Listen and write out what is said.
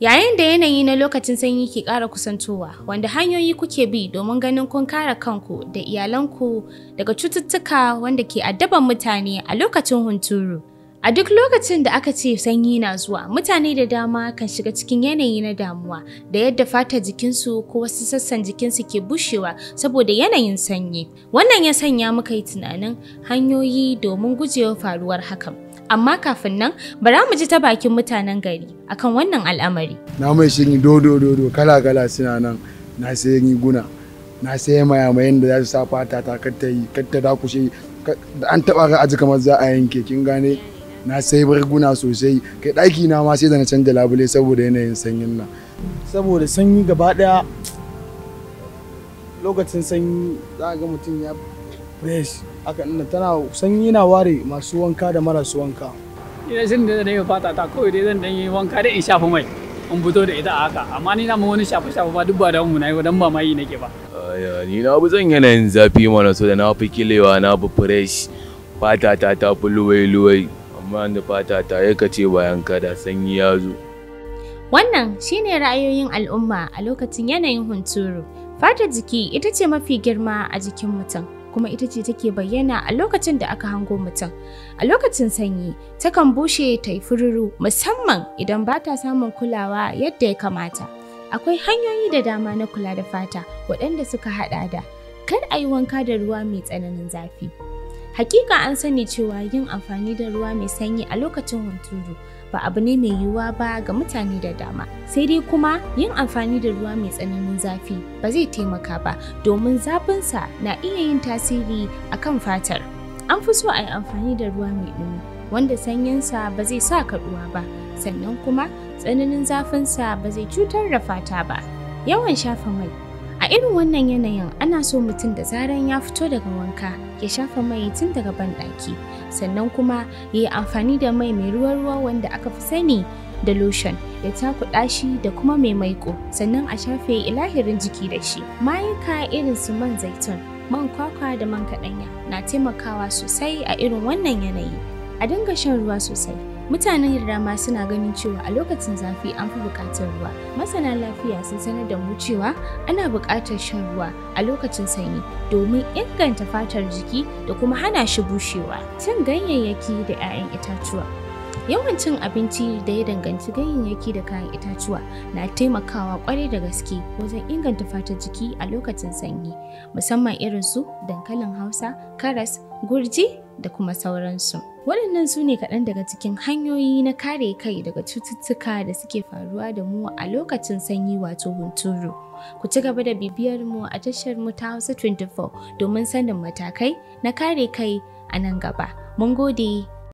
Yayin da yanayi na lokacin sanyi ke ƙara kusantowa, wanda hanyoyi kuke bi domin ganin kun kare kanku da iyalanku daga cututtuka wanda ke addaban mutane a lokacin hunturu. A duk lokacin da aka ce sanyi na zuwa, mutane da dama kan shiga cikin yanayi na damuwa da yadda fata jikinsu ko wasu sassan jikinsu ke bushewa saboda yanayin sanyi. Wannan ya sanya muka yi tunanin hanyoyi domin gujewa faruwar hakan. amma kafin nan bara mu ji ta bakin mutanen gari akan wannan al'amari. Na mai shin dodo dodo kala kala suna nan na sayan guna na sayan mayamayan da za su sa fata ta katta yi katta da kushe an taba ka aji kamar za a yanke kin gane na sayi barguna sosai kai daki na ma sai da na canja labule saboda yanayin sanyin nan. Saboda sanyi gaba daya lokacin sanyi za ga mutum ya fresh haka ina tana sanyi na ware masu wanka da marasu wanka ina jin da zan yi fata ta kawai dai zan dan yi wanka da in shafa mai in fito da ita a haka amma ni na mu wani shafa shafa ba duk ba da mu na yi dan ba mai nake ba ni na bu zan yanayin zafi mana so da na fi kilewa na fi fresh fata ta ta fi luwai-luwai amma da fata ta ya kace bayan kada sanyi ya zo. Wannan shine ra'ayoyin al'umma a lokacin yanayin hunturu. fata jiki ita ce mafi girma a jikin mutum. kuma ita ce take bayyana a lokacin da aka hango mutum. A lokacin sanyi, takan bushe ta yi fururu musamman idan ba ta samun kulawa yadda ya kamata. Akwai hanyoyi da dama na kula da fata waɗanda suka haɗa da kar a yi wanka da ruwa mai tsananin zafi. Hakika an sani cewa yin amfani da ruwa mai sanyi a lokacin hunturu ba abu ne mai yiwuwa ba ga mutane da dama. Sai dai kuma yin amfani da ruwa mai tsananin zafi ba zai taimaka ba domin zafinsa na iya yin tasiri a kan fatar. An fi so a yi amfani da ruwa mai ɗumi wanda sanyinsa ba zai sa kaɗuwa ba sannan kuma tsananin zafinsa ba zai cutar da fata ba. Yawan shafa mai A irin wannan yanayin ana so mutum da zaran ya fito daga wanka ya shafa mai tun daga banɗaki sannan kuma ya yi amfani da mai mai ruwan ruwa wanda aka fi sani da lotion ya takuɗa shi da kuma mai maiko sannan a shafe ilahirin jiki da shi. Mayuka irin su man zaitun, man kwakwa da man kaɗanya na taimakawa sosai a irin wannan yanayi. A dinga shan ruwa sosai. Mutanen da dama suna ganin cewa a lokacin zafi an fi buƙatar ruwa. Masana lafiya sun sanar da mu cewa ana buƙatar shan ruwa a lokacin sanyi domin inganta fatar jiki da kuma hana shi bushewa. Cin ganyayyaki da 'ya'yan itatuwa. Yawan cin abinci da ya danganci ganyayyaki da kayan itatuwa na taimakawa kwarai da gaske wajen inganta fatar jiki a lokacin sanyi, musamman irin su dankalin Hausa, karas, gurji da kuma sauransu. Waɗannan su ne kaɗan daga cikin hanyoyi na kare kai daga cututtuka da suke faruwa da mu a lokacin sanyi wato hunturu. Ku ci gaba da bibiyar mu a tashar mu ta Hausa 24 domin sanin matakai na kare kai a nan gaba. Mun gode.